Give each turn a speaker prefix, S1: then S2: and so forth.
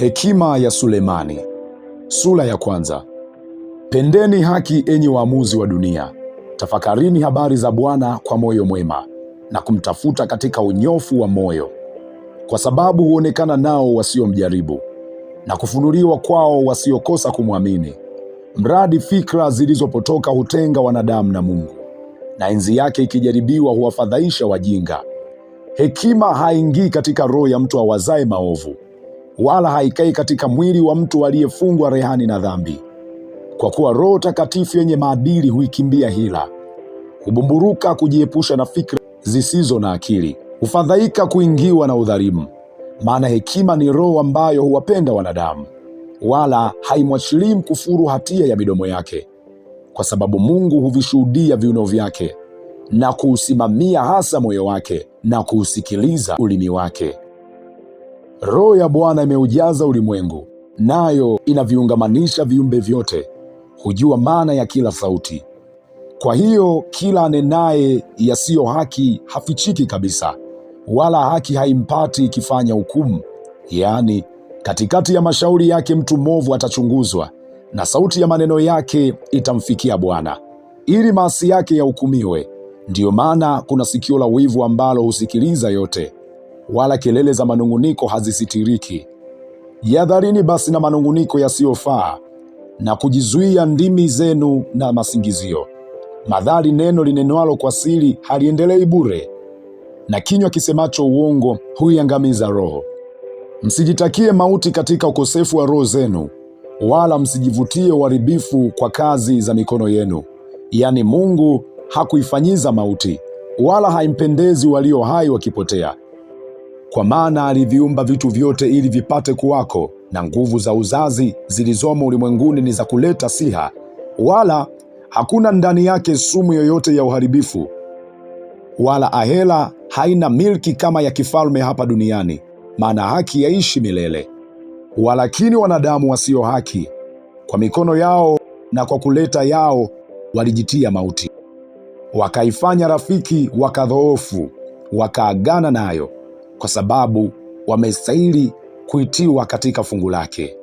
S1: Hekima ya Sulemani sura ya kwanza. Pendeni haki, enyi waamuzi wa dunia, tafakarini habari za Bwana kwa moyo mwema, na kumtafuta katika unyofu wa moyo, kwa sababu huonekana nao wasiomjaribu, na kufunuliwa kwao wasiokosa kumwamini. Mradi fikra zilizopotoka hutenga wanadamu na Mungu, na enzi yake ikijaribiwa huwafadhaisha wajinga. Hekima haingii katika roho ya mtu awazae maovu wala haikai katika mwili wa mtu aliyefungwa rehani na dhambi, kwa kuwa Roho Takatifu yenye maadili huikimbia hila, hubumburuka kujiepusha na fikra zisizo na akili, hufadhaika kuingiwa na udhalimu. Maana hekima ni roho ambayo huwapenda wanadamu, wala haimwachilii mkufuru hatia ya midomo yake, kwa sababu Mungu huvishuhudia viuno vyake na kuusimamia hasa moyo wake na kuusikiliza ulimi wake. Roho ya Bwana imeujaza ulimwengu, nayo inaviungamanisha viumbe vyote, hujua maana ya kila sauti. Kwa hiyo kila anenaye yasiyo haki hafichiki kabisa, wala haki haimpati ikifanya hukumu. Yaani, katikati ya mashauri yake mtu mwovu atachunguzwa, na sauti ya maneno yake itamfikia Bwana, ili maasi yake yahukumiwe. Ndiyo maana kuna sikio la wivu ambalo husikiliza yote wala kelele za manung'uniko hazisitiriki. Jihadharini basi na manung'uniko yasiyofaa, na kujizuia ndimi zenu na masingizio. Madhari neno linenwalo kwa siri haliendelei bure, na kinywa kisemacho uongo huiangamiza roho. Msijitakie mauti katika ukosefu wa roho zenu, wala msijivutie uharibifu kwa kazi za mikono yenu. Yaani Mungu hakuifanyiza mauti, wala haimpendezi walio hai wakipotea. Kwa maana aliviumba vitu vyote ili vipate kuwako, na nguvu za uzazi zilizomo ulimwenguni ni za kuleta siha, wala hakuna ndani yake sumu yoyote ya uharibifu, wala ahela haina milki kama ya kifalme hapa duniani, maana haki yaishi milele. Walakini wanadamu wasio haki kwa mikono yao na kwa kuleta yao walijitia mauti, wakaifanya rafiki wakadhoofu, wakaagana nayo kwa sababu wamestahili kuitiwa katika fungu lake.